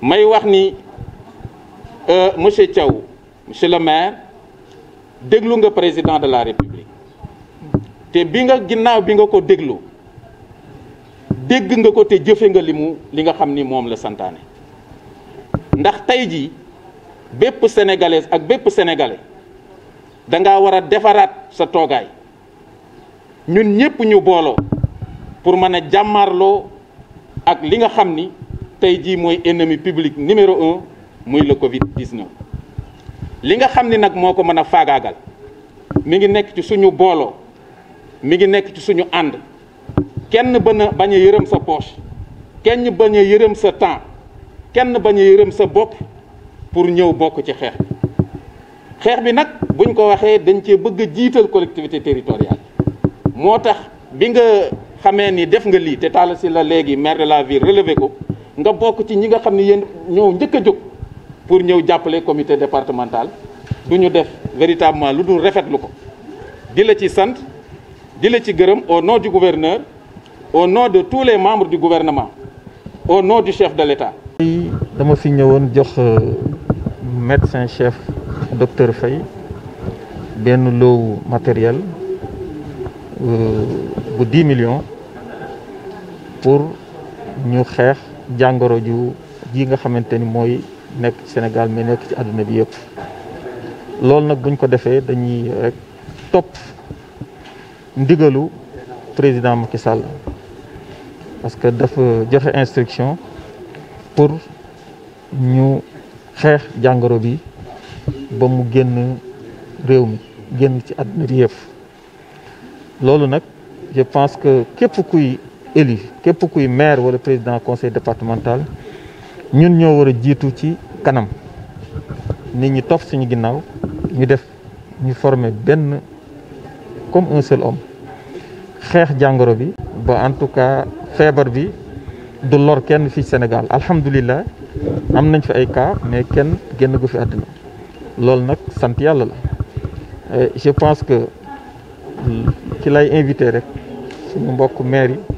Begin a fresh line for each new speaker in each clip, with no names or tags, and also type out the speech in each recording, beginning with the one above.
may wax ni euh, monsieur Thiaw monsieur le maire déglu nga président de la république te bi nga ginnaaw bi nga ko dégloo dégg nga ko te jëfe nga limu li nga xam ni moom la santaane ndax tey jii bépp sénégalaise ak bépp sénégalais danga war a defaraat sa toogaay ñun ñëpp ñu booloo pour mën a jàmmarloo ak li nga xam ni tey jii mooy ennemi public numéro un muy le Covid 19. li nga xam ni nag moo ko mën a faagaagal mi ngi nekk ci suñu booloo mi ngi nekk ci suñu ànd kenn ba na bañ a yërëm sa poche kenn bañ a yërëm sa temps kenn bañ a yërëm sa bopp pour ñëw bokk ci xeex bi xeex bi nag buñ ko waxee dañ cee bëgg a jiital collectivité territoriale moo tax bi nga xamee ni def nga lii te Talla Sylla la léegi maire de la ville relevé ko. nga avons ci ñi nga xam ne ñoo pour ñëw comité départemental du ñu def véritablement lu dul rafetlu ko di la ci sante di ci gëreum au nom du gouverneur au nom de tous les membres du gouvernement au nom du chef de l'État.
Nous dama fi ñëwoon jox euh, médecin chef docteur Faye ben loowu matériel euh, bu 10 millions pour nous faire jangoro ju ji nga xamanteni ni nek nekk ci Sénégal mais nek ci aduna bi yëpp lool nak buñ ko defee dañuy rek topp ndigalu président Macky Sall parce que dafa joxe instruction pour ñu xex jangoro bi ba mu génn réew mi génn ci aduna bi yëpp loolu nag je pense que képp kuy élu képp kuy maire wala président conseil départemental ñun ñoo wara jitu ci kanam nit ñi topp suñu ginnaw ñu def ñu former ben comme un seul homme xex jangoro bi. ba en tout cas fièvre bi du lor kenn fi Sénégal alhamdoulillah am nañ fi ay cas mais kenn génn gu fi aduna lool nak sante yalla la je pense que ki lay invité rek suñu mbokk maire yi.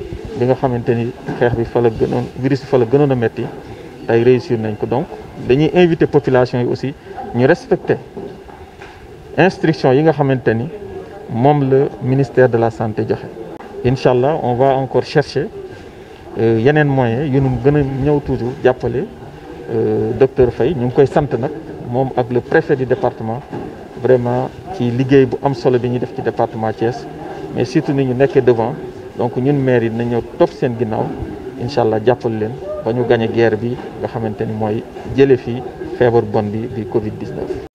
bi nga xamante ni xeex bi fa la gënoon virus bi fa la gënoon a metti tey réussir nañ ko donc dañuy invité population yi aussi ñu respecter instruction yi nga xamante ni moom la ministère de la santé joxe Inshallah, on va encore chercher euh, yeneen moyens yu ñu gën a ñëw toujours jàppale euh, docteur Faye ñu ngi koy sant nag moom ak le préfet du département vraiment ci liggéey bu am solo bi ñuy def ci département Thiès mais surtout ni ñu nekkee devant donc ñun maire yi nañu topp seen ginnaaw incha allah jàppal leen ba ñu gañe guerre bi nga xamante ni mooy jële fii feebar bon bi di Covid 19.